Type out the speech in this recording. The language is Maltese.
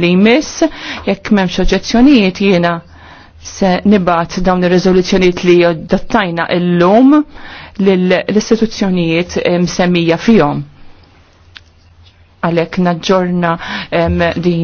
li jmiss, jekk memx oġezzjonijiet jiena se nibat dawn ir-riżoluzzjonijiet li dattajna illum l-istituzzjonijiet eh, msemmija fihom. Għalhekk naġġorna din